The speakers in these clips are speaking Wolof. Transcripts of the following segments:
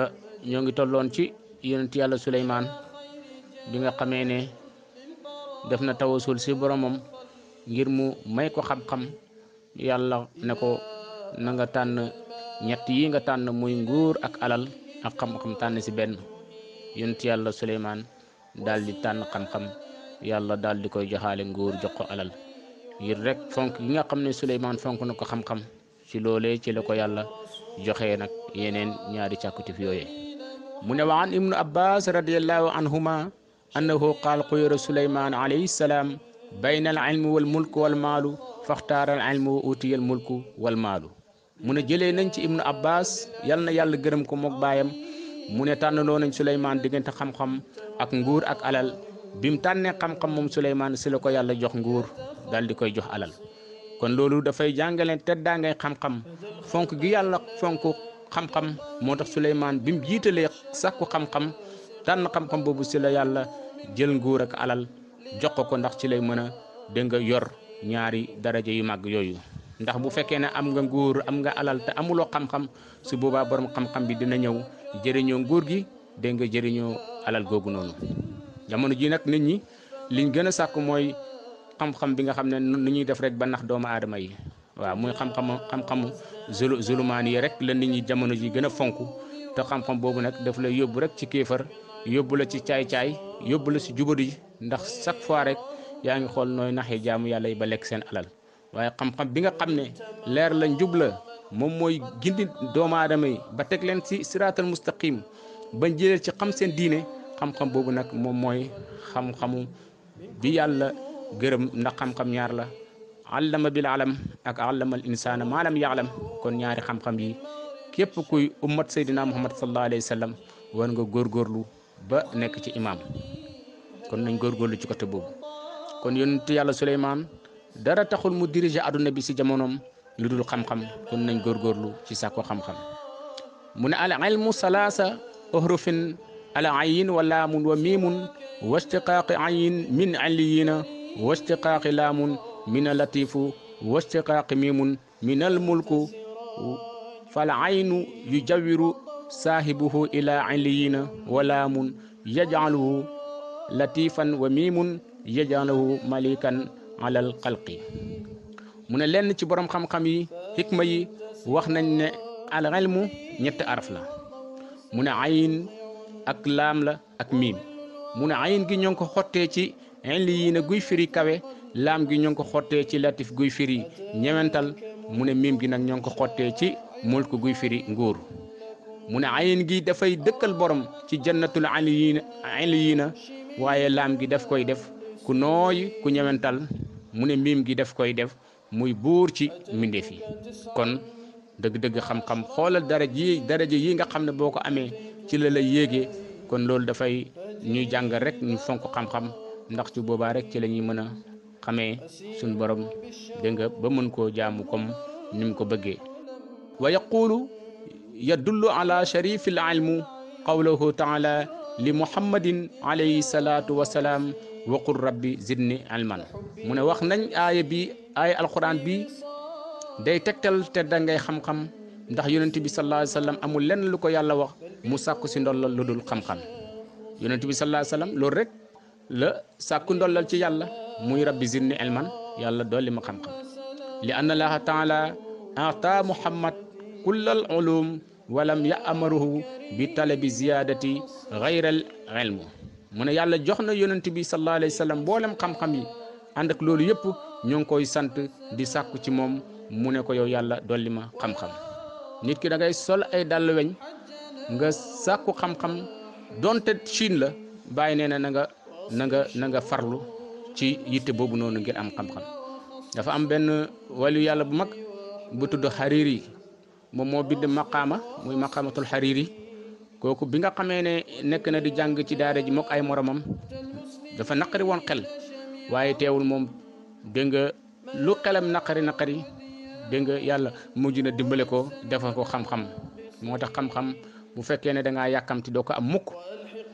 Eh, ñoo ngi tolloon ci yonent yàlla Suleymaan bi nga xamee ne def na tawasul si boromam ngir mu may ko xam-xam yàlla ne ko na nga tànn ñett yi nga tànn muy nguur ak alal ak xam-xam tànn si benn yonent yàlla Suleymaan daal di tànn xam-xam yàlla daal di koy joxaale nguur jox ko alal ngir rek fonk yi nga xam ne Suleymaan fonk na ko xam-xam ci loolee ci la yàlla joxe nag yeneen ñaari càkkutif yooye mu ne wa an ibnu abbas radiallahu anhuma annahu qaal xuyira suleymaan alayhi salaam bayna al ilmi wal mulk wal maalu faxtaara al ilmu wa utiya al mulku wal maalu mu ne jëlee nañ ci ibnu abbas yalla na yàlla gërëm ko moog baayam mu ne tànnaloo nañ suleymaan diggante xam-xam ak nguur ak alal bim tànnee xam-xam moom suleymaan si la ko yàlla jox nguur dal di koy jox alal kon loolu dafay jàngale teddaa xam-xam fonk gi yàlla fonk xam-xam moo tax Souleymane bi mu jiitalee sàkku xam-xam tànn xam-xam boobu si la yàlla jël nguur ak alal jox ko ko ndax ci lay mën a dégg nga yor ñaari daraja yu màgg yooyu ndax bu fekkee ne am nga nguur am nga alal te amuloo xam-xam su boobaa borom xam-xam bi dina ñëw jëriñoo nguur gi dégg nga jëriñoo alal googu noonu jamono ji nag nit ñi liñ gën a sàkk mooy xam-xam bi nga xam ne nu ñuy def rek ba nax doomu aadama yi waaw muy xam-xamu xam-xamu zulumaan yi rek la nit ñi jamono ji gën a fonk te xam-xam boobu nag daf lay yóbbu rek ci kéefar yóbbu la ci caay-caay yóbbu la si jubadu ji ndax chaque fois rek yaa ngi xool nooy naxee jaamu yàlla yi ba lekk seen alal waaye xam-xam bi nga xam ne leer la njub la moom mooy gindi doomaadama yi ba teg leen si siraatal mustaqim bañ jëlee ci xam seen diine xam-xam boobu nag moom mooy xam-xamu bi yàlla gërëm ndax xam-xam ñaar la allama bil alam ak allamal insaana maalam yaalam kon ñaari xam-xam yi képp kuy ummat saydina muhammad sallallahu alayhi wa sallam war nga góorgóorlu ba nekk ci imaam kon nañ góorgóorlu ci côté boobu kon yonentu yàlla Suleymaan dara taxul mu diriger àdduna bi si jamonoom lu dul xam-xam kon nañ góorgóorlu ci sàkko xam-xam mu ne al ilmu salaasa ohrufin al ayin wa laamun wa miimun wa ishtiqaaqi ayin min aliyina wa ishtiqaaqi laamun min a latifu washtiqaaqi mimun min al mulku fal aynu yujawiru saahibuhu ila aliyina wa laamun yajcaluhu latifan wa mimun yajcaluhu malikan ala al xalqi mu ne lenn ci borom xam-xam yi xikma wax nañ ne al ilmu ñetti araf la mu ne ayin ak laam la ak miim mu ne ayin gi ñoo xottee ci illi yi guy firi kawe laam gi ñu ngi ko xottee ci latif guy firi ñewental mu ne miim gi nag ñoo ngi ko xottee ci mulk guy firi nguur mu ne ayin gi dafay dëkkal borom ci jannatul aliyin aliyiina waaye laam gi def koy def ku nooy ku ñewental mu ne miim gi def koy def muy buur ci mbindeef yi kon dëgg-dëgg xam-xam xoolal daraj yi daraja yi nga xam ne boo ko amee ci la lay yéegee kon loolu dafay ñuy jàngal rek ñu fonk xam-xam ndax ci boobaa rek ci la mën a xamee suñ borom dégg nga ba mën koo jaamu comme ni ko bëggee wa yaqulu yadullu ala sharifi l ilmu qawluhu taala li muhammadin alayhi salaatu wasalaam waqul rabbi zidni ilman mu ne wax nañ aaya bi aaya alquran bi day tegtal te da ngay xam-xam ndax yonent bi sallallahu alayhi wasallam amul lenn lu ko yàlla wax mu sàkku si ndollal lu dul xam-xam yonent bi sallallahu rek la sàkku ndollal ci yàlla muy rabbi zidni ilman yàlla dolli ma xam-xam li anna laaha taala ata muhammad kullal ulum walam yaamaruhu bi talabi ziyadati xayral ilmu mu ne yàlla jox na yonent bi sallallahu alayhi wa sallam mboolem xam-xam yi ànd ak loolu yëpp ñoo ngi koy sant di sàkku ci moom mu ne ko yow yàlla dolli ma xam-xam nit ki da sol ay dàll weñ nga sàkku xam-xam donte Chine la bàyyi nee na na nga na nga farlu ci yitte boobu noonu ngir am xam-xam dafa am benn wàllu yàlla bu mag bu tudd Hariri moom moo bind maqaama muy maqaamatul Hariri kooku bi nga xamee ne nekk na di jàng ci daara ji mook ay moromam dafa naqari woon xel waaye teewul moom dégg nga lu xelam naqari naqari dégg nga yàlla mujj na dimbale ko defal ko xam-xam moo tax xam-xam bu fekkee ne da ngaa yàkkamti doo ko am mukk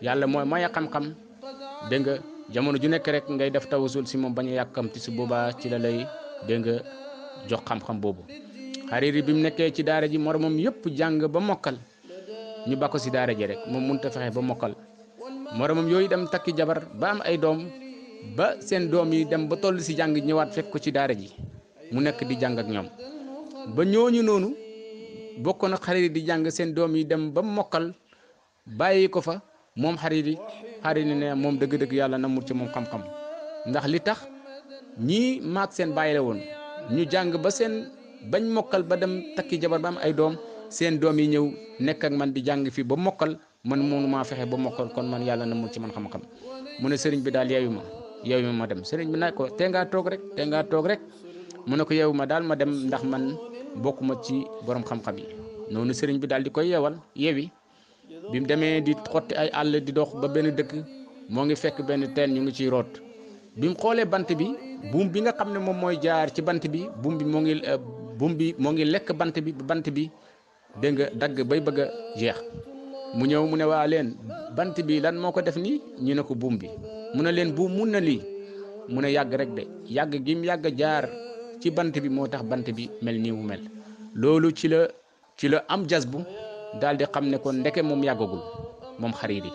yàlla mooy maye xam-xam dégg jamono ju nekk rekk ngay def tawasul si moom bañ a yàkkamti su boobaa ci la lay dégg nga jox xam-xam boobu Hariri bi mu nekkee ci daara ji moromam yëpp jàng ba mokkal ñu bakko si daara ji rek moom mënut a fexe ba mokkal moromam yooyu dem takki jabar ba am ay doom ba seen doom yi dem ba toll si jàng ñëwaat fekk ko ci daara ji mu nekk di jàng ak ñoom ba ñooñu noonu bokkoon ak Hariri di jàng seen doom yi dem ba mokkal bàyyi ko fa. moom Hariri Hariri ne moom dëgg-dëgg yàlla namul ci moom xam-xam ndax li tax ñii maag seen bàyyi woon ñu jàng ba seen bañ mokkal ba dem takki jabar ba am ay doom seen doom yi ñëw nekk man di jàng fii ba mokkal man mënu maa fexe ba mokkal kon man yàlla na namul ci man xam-xam mu ne sëriñ bi daal yeewu ma yeewu ma dem sëriñ bi naa ko tee ngaa rek tee ngaa rek mu ne ko yeewu ma daal ma dem ndax man bokk ma ci borom xam-xam yi noonu sëriñ bi daal di koy yeewal bi mu demee di xotti ay àll di dox ba benn dëkk moo ngi fekk benn teen ñu ngi ciy root bi mu xoolee bant bi buum bi nga xam ne moom mooy jaar ci bant bi buum bi moo ngi euh, buum bi moo ngi lekk bant bi bant bi dégg nga dagg bay bëgg a jeex mu ñëw mu ne waa leen bant bi lan moo ko def nii ñu ne ko buum bi mu ne leen buum mun na lii mu ne yàgg rek de yàgg gi mu yàgg jaar ci bant bi moo tax bant bi mel nii mu mel loolu ci la ci la am jas bu daal di xam ne ko ndeke moom yàggagul moom xariiri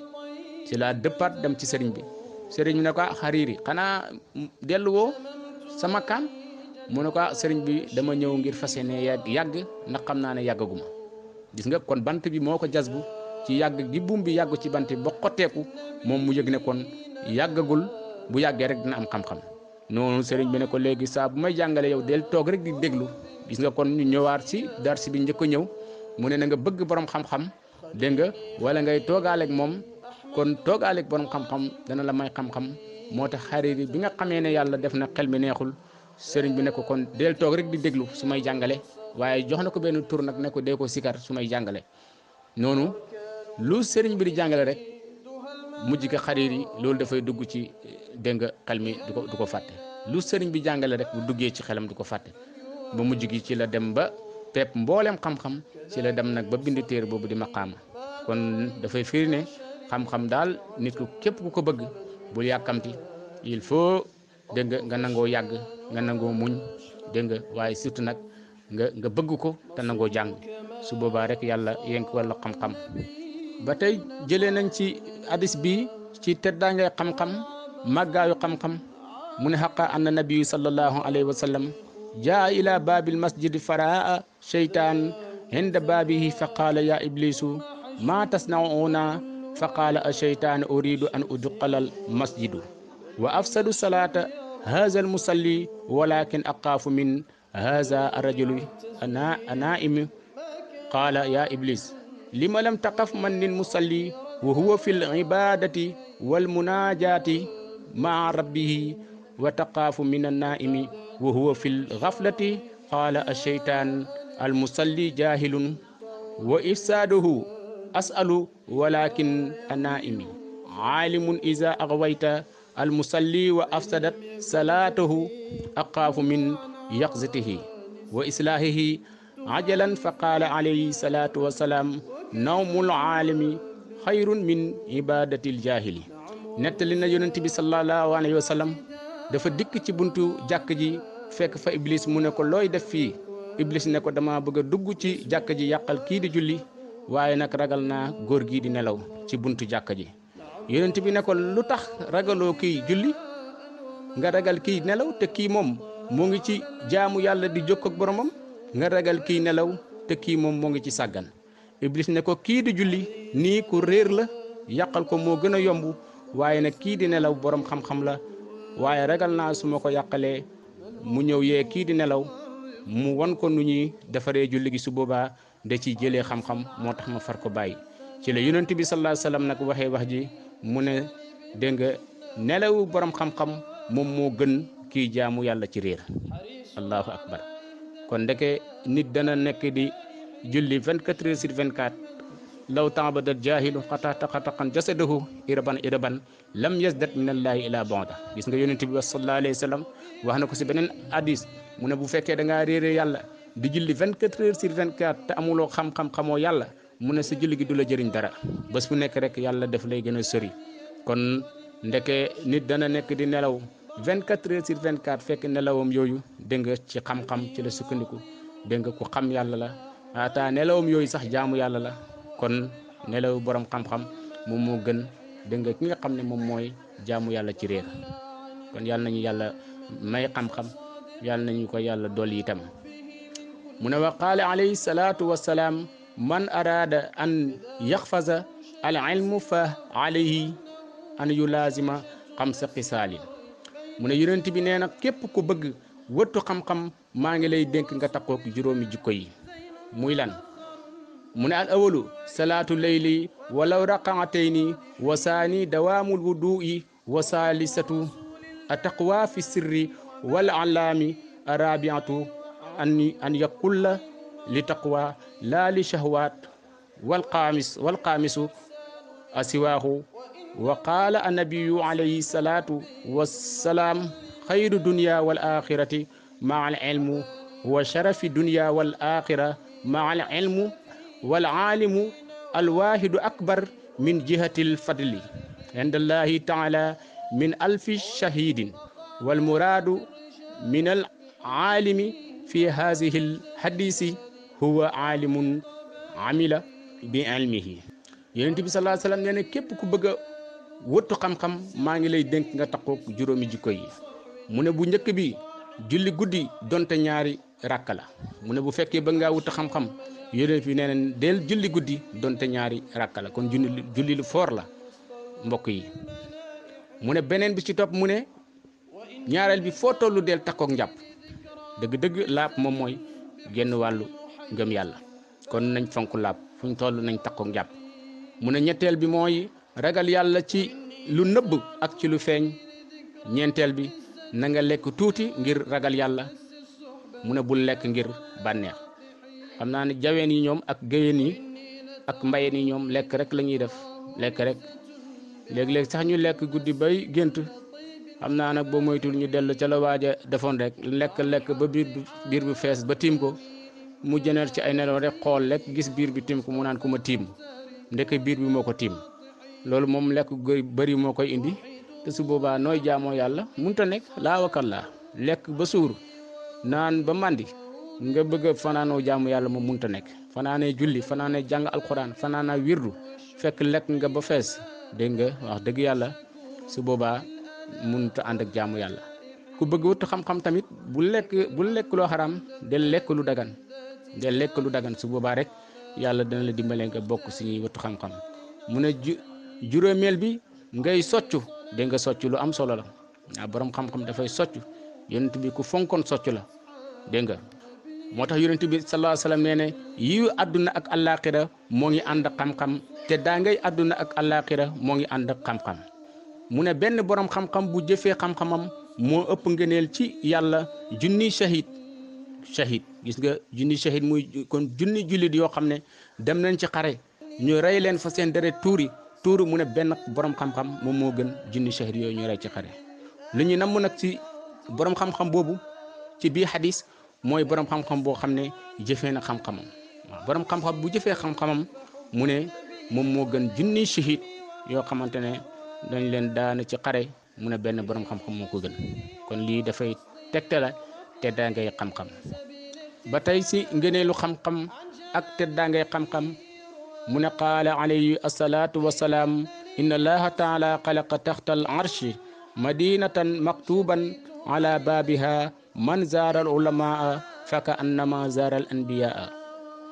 ci laa dëppaat dem ci sëriñ bi sëriñ bi ne ko ah, xariiri xanaa delluwoo sama kaan mu ne ko ah, sëriñ bi dama ñëw ngir fas yéene yàgg yàgg ndax xam naa ne yàggaguma gis nga kon bant bi moo ko jasbu ci yàgg gi buum bi yàgg ci bant bi ba xotteeku moom mu yëg ne kon yàggagul bu yàggee rek dina am xam-xam noonu sëriñ bi ne ko léegi saa bu may jàngale yow del toog rek di déglu gis nga kon ñu ñëwaat si dar bi njëkk a ñëw mu ne na nga bëgg boroom xam-xam dégg nga wala ngay toogaaleek moom kon toogaaleeg borom xam-xam dana la may xam-xam moo tax Hariri bi nga xamee ne yàlla def na xel mi neexul sëriñ bi ne ko kon del toog rek di déglu su may jàngale waaye jox na ko benn tur nag ne ko dee ko sikar su may jàngale noonu lu sëriñ bi di jàngale rek mujj ga Hariri loolu dafay dugg ci dégg nga xel mi du ko du ko fàtte lu sëriñ bi jàngale rek bu duggee ci xelam du ko fàtte ba mujj gi pepp mboolem xam-xam ci la dem nag ba bind téere boobu di maqaama kon dafay firi ne xam-xam daal nit ku képp ku ko bëgg bul yàkkamti il faut dégg nga nga nangoo yàgg nga nangoo muñ dégg nga waaye surtout nag nga nga bëgg ko te nangoo jàng su boobaa rek yàlla yenk wala xam-xam ba tey jëlee nañ ci hadis bi ci teddaangay xam-xam màggaayu xam-xam mu ne xaqa anna nabiyu sallallahu alayhi wa jaa ila baabil masjidi faraa sheytaan hinda baabihi fa qaala yaa iblisu maa tasnauuna fa qaala a sheytaan uridu an udqalal masjidu wa afsadu salaata haza almusalli walakin aqaafu min haza arrajulu anaa'imi qaala yaa iblis lima lam taqaf man lil musalli wa huwa fi lcibadati walmunajati maa rabbihi wa taqaafu min annaa'imi wa huwa fi lxaflati qaala alcheytaan almusalli jahilun wa ifsaaduhu asalu walakin anaimi aalimun ida axwayta almusalli wa afsadat salaatahu aqaafu min yaqzitihi wa islaahihi ajalan fa qaala alayhi salaatu wasalaam nawmul aalimi xayrun min ibadati l jaahili nettali na yonent bi sallallahu alayhi wa sallam dafa dikk ci buntu jàkk ji fekk fa iblis mu ne ko looy def fii iblis ne ko dama bëgg a dugg ci jàkk ji yàqal kii di julli waaye nag ragal naa góor gi di nelaw ci buntu jàkk ji yonent bi ne ko lu tax ragaloo kii julli nga ragal kii nelaw te kii moom moo ngi ci jaamu yàlla di jokk ak boromam nga ragal kii nelaw te kii moom moo ngi ci sàggan iblis ne ko kii di julli nii ku réer la yàqal ko moo gën a yomb waaye nag kii di nelaw borom xam-xam la waaye ragal naa su ma ko yàqalee mu ñëw yee kii di nelaw mu won ko nu ñuy defaree julli gi su boobaa da ciy jële xam-xam moo tax ma far ko bàyyi ci la yonent bi sallallahu alayhi wasallam nag waxee wax ji mu ne dégg nga nelawu borom xam-xam moom moo gën kii jaamu yàlla ci réer allahu akbar kon ndeke nit dana nekk di julli 24 heures sur 24 law taabadat jaahilun xataxataxan jasadahu iraban iraban lam yasdat min allaahi ila bonda gis nga yonent bi sallallahu alayhi wa sallam wax na ko si beneen hadis mu ne bu fekkee da ngaa réere yàlla di julli 24 heures sur 24 te amuloo xam-xam xamoo yàlla mu ne sa julli gi du la jëriñ dara bés bu nekk rek yàlla def lay gën a sori kon ndeke nit dana nekk di nelaw 24 heures sur 24 fekk nelawam yooyu dégg nga ci xam-xam ci la sukkandiku dégg nga ku xam yàlla la ata nelawam yooyu sax jaamu yàlla la kon nelaw borom xam-xam moom moo gën dégg nga ki nga xam ne moom mooy jaamu yàlla ci réer kon yàlla nañu yàlla may xam-xam yàlla nañu ko yàlla dolli itam mu ne wa qaala alayhi salaatu wasalaam man araada an yaxfasa al ilmu fa alayhi an yulaazima xam sa xisaalin mu ne yonent bi nee na képp ku bëgg wëttu xam-xam maa ngi lay dénk nga takkoo ak juróomi jikko yi muy lan mu ne al awalu salaatu layli walaw raqaatayni wa saani dawaamul wudu'i wa saalisatu ataqwa fi sirri wal alaami arabiatu an an yaqulla li taqwa laa li shahwaat wal xaamis wal xaamisu asiwaahu wa qaala annabiyu alayhi salaatu wassalaam xayru dunya wal axirati maa al ilmu wa sharafi dunya wal axira maa al ilmu wal aalimu alwaahidu akbar min jihatil fadli inda allahi taala min alfi shahidin wal muraadu min al aalimi fi haadihi l huwa aalimun amila bi ilmihi yonent bi salaa sallam nee na képp ku bëgg a wëttu xam maa ngi lay dénk nga takkook juróomi jikko mu ne bu njëkk bi julli guddi donte ñaari rakk mu ne bu fekkee ba ngaa wut xam-xam yonent bi nee na del julli guddi donte ñaari rakka kon julli julli lu foor la mbokk yi mu ne beneen bi ci topp mu ne ñaareel bi foo tollu del takkook njàpp dëgg-dëgg laab moom mooy genn wàllu ngëm yàlla kon nañ fonk laab fuñ ñu toll nañ takkook njàpp mu ne ñetteel bi mooy ragal yàlla ci lu nëbb ak ci lu feeñ ñeenteel bi nanga lekk tuuti ngir ragal yàlla mu ne lekk ngir bànneex xam naa ne jaween yi ñoom ak géyeen yi ak mbayeen yi ñoom lekk rek la ñuy def lekk rek léeg-léeg sax ñu lekk guddi bay gént xam naa nag boo moytul ñu dellu ca la a defoon rek lekk lekk ba biir biir bu fees ba tiim ko mu jëneer ci ay nelaw rek xool lekk gis biir bi tiim ku mu naan ku ma tiim ndeke biir bi moo ko tiim loolu moom lekk gu bëri moo koy indi te su boobaa nooy jaamoo yàlla munta nekk laa wakal laa lekk ba suur naan ba màndi nga bëgg a fanaanoo jaamu yàlla moom munta nekk fanaanee julli fanaanee jàng alxuraan fanaanaa wirdu fekk lekk nga ba fees dégg nga wax dëgg yàlla su boobaa munta ànd ak jaamu yàlla ku bëgg wut xam-xam tamit bu lekk bu lekk loo xaraam del lekk lu dagan del lekk lu dagan su boobaa rek yàlla dana la dimbale nga bokk si ñuy wut xam-xam mu ne juróomeel bi ngay soccu dégg nga soccu lu am solo la waaw borom xam-xam dafay soccu yonent bi ku fonkoon soccu la dégg nga moo tax yonent bi sallallahu alayhi wa sallam nee ne yiw àdduna ak àllaaxira moo ngi ànd xam-xam te daa ngay àdduna ak àllaaxira moo ngi ànd xam-xam mu ne benn borom xam-xam bu jëfee xam-xamam moo ëpp ngëneel ci yàlla junni shahid shahid gis nga junni shahid muy kon junni jullit yoo xam ne dem nañ ci xare ñu rey leen fa seen deret tuuri tuuri mu ne benn borom xam-xam moom moo gën junni shahid yooyu ñu rey ci xare lu ñu namm nag ci borom xam-xam boobu ci bii mooy borom xam-xam boo xam ne jëfee na xam-xamam borom xam-xam bu jëfee xam-xamam mu ne moom moo gën junni shahid yoo xamante ne dañ leen daana ci xare mu ne benn borom xam-xam moo ko gën kon lii dafay tegte la te xam-xam ba tey si ngëneelu xam-xam ak te xam-xam mu ne qaala alayhi asalaatu wasalaam inna allaha taala xalaqa taxta al arshi madinatan maktuban ala baabiha man zaara al ulamaa faka annama zaara al anbiyaa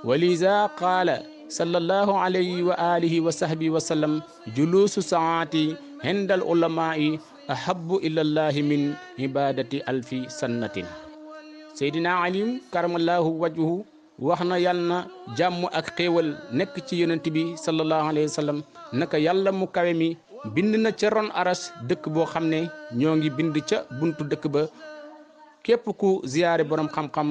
wa liza qaala sallallahu alayhi wa alihi wa sahbihi wa juluusu saati hinda al ulamaai ahabu min ibadati alfi sannatin seydina ali karamallahu wajhu wax na yàlla jàmm ak xéewal nekk ci yonent bi sallallahu alayhi naka yàlla mu kawe mi bind na ca aras dëkk boo xam ne ñoo ngi bind ca buntu dëkk ba képp ku ziyaare boroom xam-xam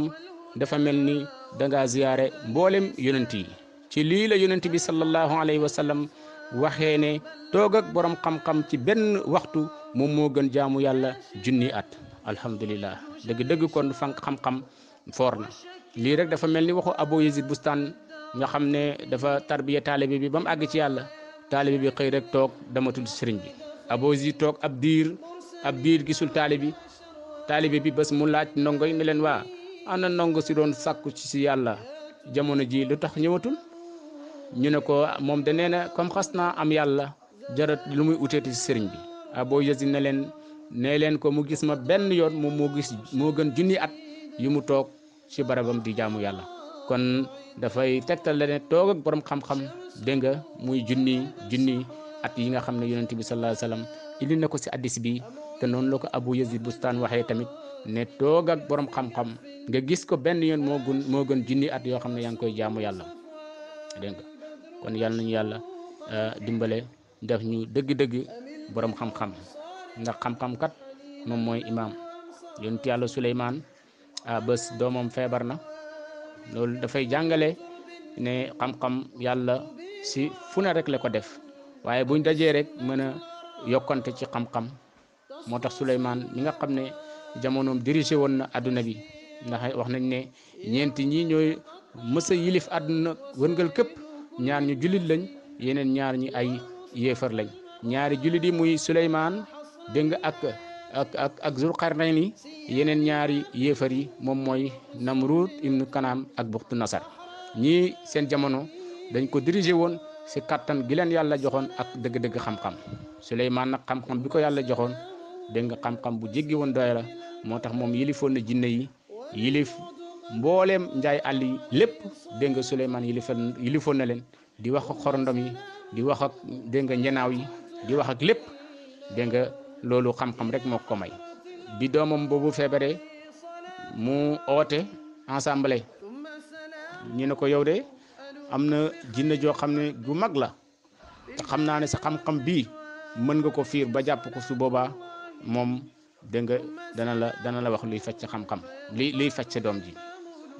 dafa mel ni dangaa ziyaare mboolem yonent yi ci lii la yonent bi sallallahu alayhi wa waxee ne toog ak borom xam-xam ci benn waxtu moom moo gën jaamu yàlla junni at alhamdulillah dëgg-dëgg kon fan xam-xam foor na lii rek dafa mel ni waxu Abu Yazid Bustaan nga xam ne dafa tarbiya taalibe bi ba àgg ci yàlla taalibe bi xëy rek toog damatul sëriñ bi Abu Yazid toog ab diir ab diir gisul taalibe bi taalibe bi bés mu laaj ndongo yi ne leen waa ana ndongo si doon sàkku ci si yàlla jamono ji lu tax ñëwatul ñu ne ko moom de nee na comme xas naa am yàlla jarat lu muy uteeti ci sëriñ bi Abu Yazid ne leen nee leen ko mu gis ma benn yoon moom moo moo gën junni at yu mu toog ci barabam di jaamu yàlla kon dafay tegtal la ne toog ak borom xam-xam dégg nga muy junni junni at yi nga xam ne yonent bi sallallahu alayhi ko ci addis bi te noonu la ko abu yazid bustaan waxee tamit ne toog ak borom nga gis ko benn yoon moo moo gën junni at yoo xam ne yaa koy jaamu yàlla dégg kon yàlla nañu yàlla euh, dimbale def ñu dëgg-dëgg boroom xam-xam ndax xam-xam kat moom mooy imaam yonent yàlla Suleymaan a bés doomam feebar na loolu dafay jàngale ne xam-xam yàlla si fu ne rek la ko def waaye buñ dajee rek mën a yokkante ci xam-xam. moo tax Souleymane mi nga xam ne jamonoom dirigé woon na àdduna bi ndax wax nañ ne ñeenti ñi ñooy mësa yilif àdduna wëngal képp ñaar ñu jullit lañ yeneen ñaar ñi ay yéefar lañ ñaari jullit yi muy suleymaan dégg nga ak ak ak ak Zulqarnayn yi yeneen ñaari yéefar yi moom mooy Namrud ibnu Kanaam ak Buxtu Nasar ñii seen jamono dañ ko dirigé woon si kattan gi leen yàlla joxoon ak dëgg-dëgg xam-xam Souleymane nag xam-xam bi ko yàlla joxoon dégg nga xam-xam bu jéggi woon doy la moo tax moom yilifoon na jinne yi yilif mbooleem njaay àll yi lépp dégg nga Souleymane yilifoon yilifoon na leen di wax xorondom yi di wax ak dégg nga njanaaw yi di wax ak lépp dégg nga loolu xam-xam rek moo ko may bi doomam boobu feebaree mu oote ensemble ñu ne ko yow de am na jinne joo xam ne gu mag la te xam naa ne sa xam-xam bii mën nga ko fiir ba jàpp ko su boobaa moom dégg nga dana la dana la wax luy faj sa xam-xam luy luy faj sa doom ji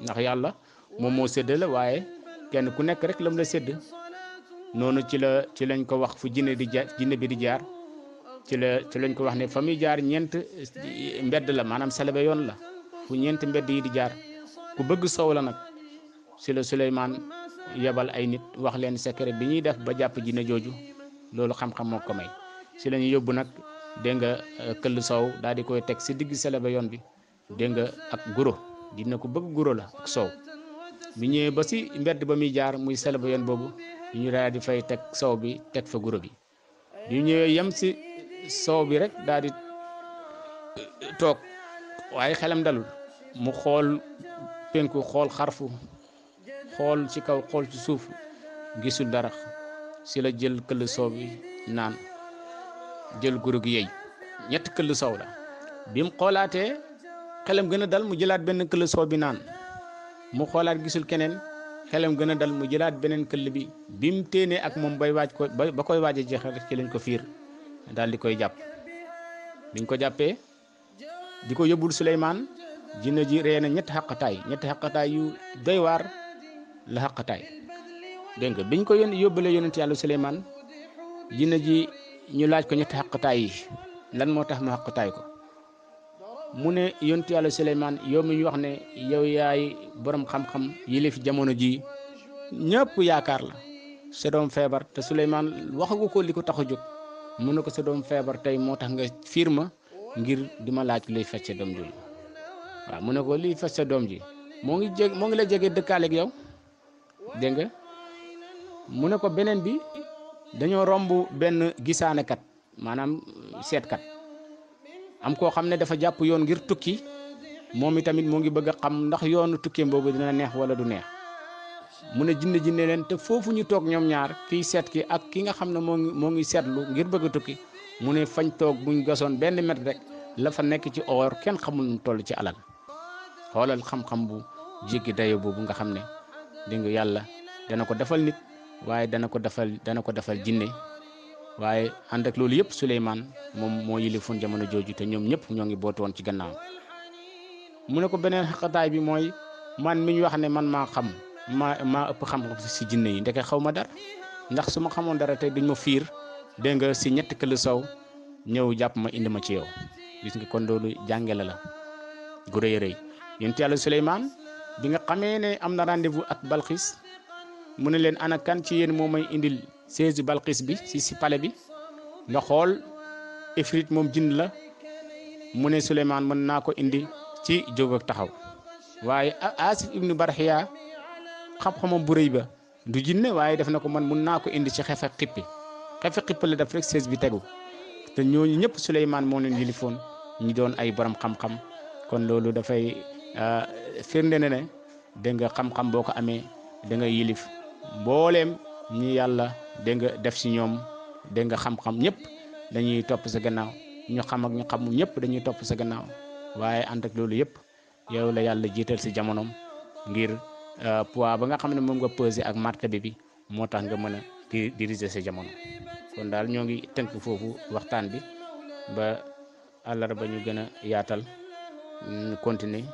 ndax yàlla moom moo sédd la waaye kenn ku nekk rek lam la sedd noonu ci la ci lañ ko wax fu jinne di jaar jinne bi di jaar ci la ci lañ ko wax ne fa jaar ñeent mbedd la maanaam selebe yoon la fu ñeent mbedd yi di jaar ku bëgg soow la nag si la Suleymaan yebal ay nit wax leen secret bi ñuy def ba jàpp jinne jooju loolu xam-xam moo ko may si la yóbbu nag dégg nga euh, këll soow daal koy teg si digg sele yoon bi dégg nga ak guro dina ko bëgg guro la ak soow bu ñëwee ba si mbedd ba muy jaar muy sele yoon boobu ñu di fay teg soow bi teg fa guro bi ñu ñëwee yem si soow bi rek daal euh, toog waaye xelam dalul mu xool penku xool xarfu xool ci kaw xool ci suuf gisul dara si la jël këll soow bi naan jël guro gi yey ñett këll soow la bi mu xoolaatee xelem gën a dal mu jëlaat benn këll soow bi naan mu xoolaat gisul keneen xelem gën a dal mu jëlaat beneen këll bi bi mu téenee ak moom bay waaj ko ba koy waaje jeexal ci lañ ko fiir daal di koy jàpp biñ ko jàppee di ko yóbbul Suleymaan jinne ji ree na ñetti xaqataay ñetti xaqataay yu doy waar la xaqataay dégg nga biñ ko yóbbalee yonent yàlla Suleymaan jinne ji ñu laaj ko ñetti xaqtaay yi lan moo tax mu xaqtaay ko mu ne yontu yàlla Suleymaan yow mi ñu wax ne yow yaay borom xam-xam yilif jamono ji ñëpp yaakaar la sa feebar te Suleymaan waxagu ko li ko tax a jóg mu ne ko sa feebar tey moo tax nga fiir ma ngir di ma laaj liy faj sa doom waaw mu ne ko liy faj sa ji moo ngi jég moo ngi la jege dëkkaaleeg yow dégg mu ne ko beneen bi dañoo romb benn gisaanekat maanaam seetkat am koo xam ne dafa jàpp yoon ngir tukki moom tamit mu ngi bëgg a xam ndax yoonu tukkeem boobu dina neex wala du neex mu ne jinne jinne leen te foofu ñu toog ñoom ñaar kii seet ki ak ki nga xam ne moo ngi moo ngi seetlu ngir bëgg tukki mu ne fañ toog buñ gasoon benn met rek la fa nekk ci or kenn xamul nu toll ci alal xoolal xam-xam bu jéggi dayo boobu nga xam ne di yàlla dana ko defal nit waaye dana ko defal dana ko defal jinne waaye ànd ak loolu yëpp Suleymaan moom moo yilifoon jamono jooju te ñoom ñëpp ñoo ngi bootu woon ci gannaaw mu ne ko beneen xaqataay bi mooy man mi ñu wax ne man maa xam maa maa ëpp xam-xam si jinne yi ndeke xaw ma dara ndax su ma xamoon dara te duñ ma fiir dégg nga si ñetti këll sow ñëw jàpp ma indi ma ci yow gis nga kon loolu jàngale la gu rëy rëy yonent yàlla Suleymaan bi nga xamee ne am na rendez-vous ak Balxis mu ne leen ana kan ci yéen moo may indil seesu balxiis bi si si pale bi nga xool ifrit moom jinn la mu ne Souleymane mën naa ko indi ci jóg taxaw waaye Asif ibnu Barxiya xam-xamam bu rëy ba du jinne waaye def na ko man mun naa ko indi ci xefe xippi xefe xippi la def rek bi tegu te ñooñu ñëpp Souleymane moo leen yilifoon ñu doon ay borom xam-xam kon loolu dafay euh, firnde ne ne da nga xam-xam boo ko amee da nga yilif mbooleem ñi yàlla da nga def si ñoom da nga xam-xam ñëpp dañuy topp sa gannaaw ñu xam ak ñu xamul ñëpp dañuy topp sa gannaaw waaye ànd ak loolu yëpp yow la yàlla jiital si jamono ngir euh, poids ba nga xam ne moom nga pesé ak martaba bi bi moo tax nga mën a diriger sa jamono kon daal ñoo ngi tënk foofu waxtaan bi ba àllarba ñu gën a yaatal ñu continuer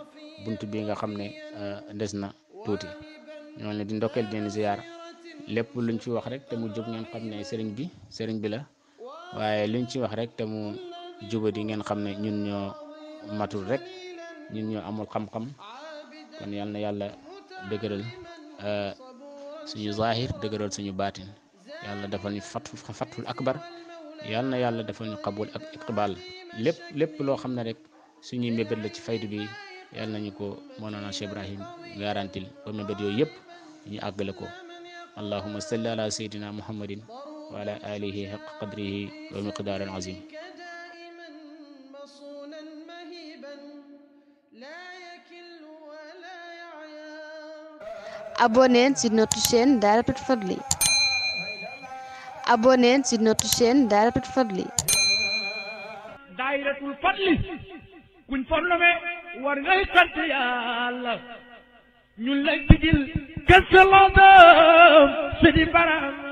bunt bi nga xam ne euh, des na tuuti. ñoo leen di ndokkeel di leen ziyaar lépp luñ ci wax rek te mu jub ngeen xam ne sëriñ bi sëriñ bi la waaye luñ ci wax rek te mu jubadi ngeen xam ne ñun ñoo matul rek ñun ñoo amul xam-xam kon yal na yàlla dëgëral euh, suñu zahir dëgëral suñu baatin yàlla defal ñu fat ak akbar yal na yàlla defal ñu xabul ak iqbal lépp lépp loo xam ne rek suñuy mébét la ci faydu bi yàlla nañu ko Mawlana Cheikh Ibrahim garantil ba mébét yooyu yëpp ñu ko allahuma salli ala sayyidina muhammadin wa ala alihi haqqa qadrihi wa miqdaaril azim abonnez sur notre chaîne Dahiratoul Fadly abonnez sur notre chaîne Dahiratoul Fadly war ngay sant yàlla ñun la jigil kese la doom si di baram